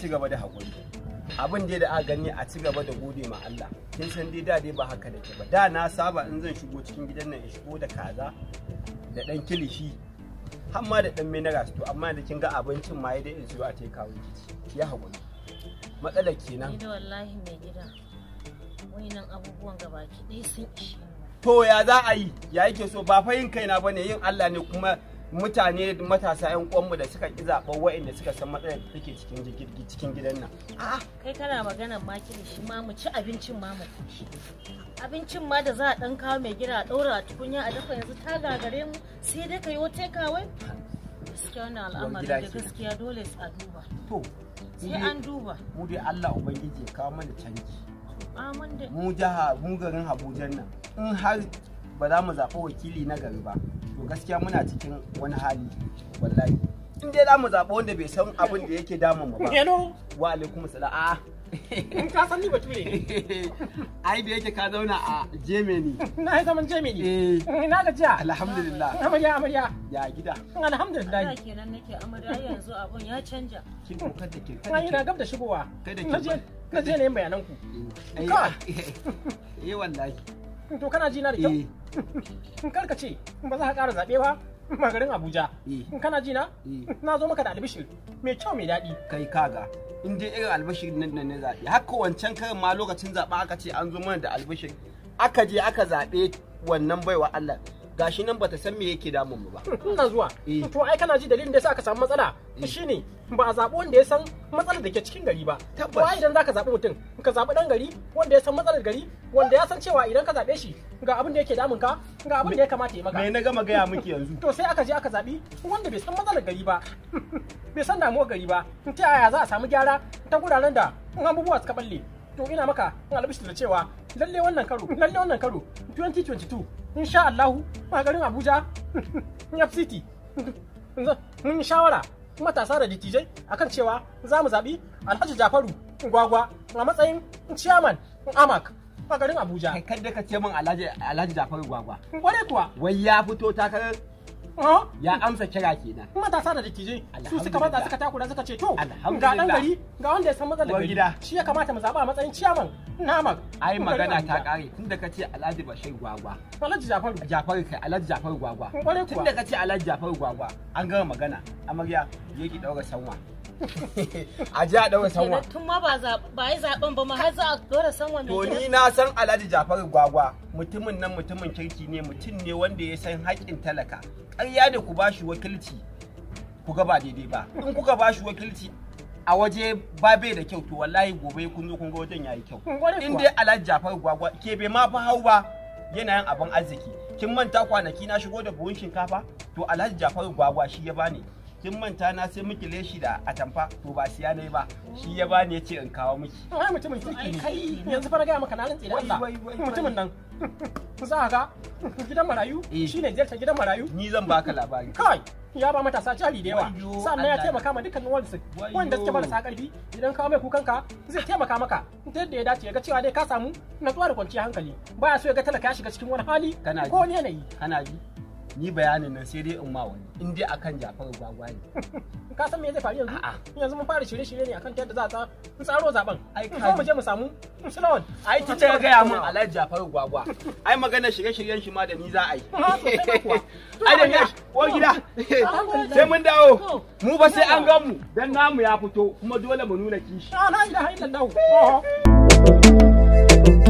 ci gaba da abin dai da aka gani a ci gaba da gode ma Allah kin san dai da dai ba haka da ke ba da na saba in zan shigo cikin gidan nan in shigo da kaza da dan kilishi har ma da dan minara to amma da kin ga abincin ma da in siyo a take away ya haƙuri matsalar kenan wallahi mai gida wayannan abubuwan gabaki ɗaya sun ishe to ya za a yi ya yake so ba fa yin kaina bane yin Allah ne kuma mutane matasa yan uwanmu da suka ki zaɓa wa'inda suka san matsayar da take cikin cikin gidan nan. kai kana magana ma shi ma mu ci abincin ma mu Abincin ma da za a ɗan kawo mai gida a ɗaura a tukunya a dafa yanzu ta gagare mu sai dai ka yi wata kawai. Gaskiya wannan al'amari da gaskiya dole a duba. To. Sai an duba. Mu dai Allah Ubangiji ya kawo mana canji. mu jiha mu garin abuja nan in har ba za mu zaɓi wakili na gari ba to gaskiya muna cikin wani hali wallahi in dai za mu zaɓi wanda bai san abin da yake damun mu ba wa alaikum salam in ka san ni bature ai da yake ka zauna a Germany na yi zaman Germany eh na ga jiya alhamdulillah amarya amarya ya gida alhamdulillah kenan nake amarya yanzu abun ya canja kin kokar da ke kai ina gab da shigowa kai da na je ne yin bayanan ku eh, ka eh, eh, eh wallahi to kana ji na da kyau kar ce ba za ka ƙara zabe ba magarin abuja e. in kana ji na e. na zo maka da albishir mai kyau mai daɗi kai kaga in dai irin albishir nan ne zaɓe haka wancan karin ma lokacin zaɓa aka ce an zo mana da albishir aka je aka zaɓe wannan baiwa allah gashi nan bata san me yake damun mu ba ina zuwa eh. to ai kana ji dalilin da yasa aka samu matsala eh. shine ba a zabi wanda ya san matsalar da ke cikin gari ba tabbas wai idan zaka zabi mutum ka zabi dan gari wanda ya san matsalar gari wanda ya san cewa idan ka zabe shi ga abin da yake damun ka ga abin da ya kamata ya maka me na gama gaya miki yanzu to sai aka je aka zabi wanda bai san matsalar gari ba bai san damuwar gari ba ta yaya za a samu gyara ta guraren da abubuwa suka balle to ina maka in da cewa lalle wannan karo lalle wannan karo 2022 insha Allahu ba garin Abuja FCT mun shawara matasa da dattijai akan cewa za mu zaɓi Alhaji Jafaru Gwagwa a matsayin ciyaman Amak a garin Abuja. Kai kadda ka ce min Alhaji Jafaru Gwagwa. Wani kuwa. Wai ya fito takarar Oh? ya amsa kira kenan matasa da dattijai su suka maza suka takura suka ce to ga dan gari ga wanda ya san matsalar gari shi ya kamata mu zaba a matsayin ciyaman namak ai magana ta kare tun da kace Alhaji Bashir Gwagwa Alhaji Jafar Jafar kai Alhaji Jafar Gwagwa tun da kace Alhaji Jafar Gwagwa an gama magana amarya yake daura sanwa a jiya a sanwa tun ma ba yi zaɓen ba ma har za a ɗora sanwa to ni na san alhaji jafaru gwagwa mutumin nan mutumin kirki ne mutum ne wanda ya san haƙƙin talaka ƙarya da ku bashi wakilci ku ga ba daidai ba in kuka bashi wakilci a waje ba bai da kyau to wallahi gobe kun zo kun ga wajen yayi kyau in dai alhaji jafaru gwagwa ke bai ma fa hau ba yana yin abin arziki kin manta kwanaki na shigo da buhun shinkafa to alhaji jafaru gwagwa shi ya bani kin manta na sai miki leshi da atamfa to ba siya ne ba shi ya bani yace in kawo miki ai mutumin kirki ne kai yanzu fara ga maka na rantsi da Allah mutumin nan za ga gidan marayu eh. shine jelta gidan marayu ni zan baka labari kai ya ba matasa jari da yawa sannan ya taimaka ma dukkanin wanda wanda suke marasa karfi idan ka mai ka zai taimaka maka ta yadda ya dace ya ga cewa dai ka samu natsuwa da kwanciyar hankali baya so ya ga talaka ya shiga cikin wani hali ko ne yanayi kana ji ni bayanin nan sai dai in ma wani in dai akan jafar gwagwa ne ka san me zai faru yanzu yanzu mun fara shirye-shirye ne akan ta yadda za ta mun tsaro zaben ai ka mu je mu samu sulawon ai ta ga gaya mun alhaji jafar gwagwa ai magana shirye-shiryen shi ma da ni za a yi ah, ai da ni ko oh. gida sai mun dawo oh. mu ba sai an oh. gan mu dan namu ya fito kuma dole mu nuna kishi ah, la ilaha illallah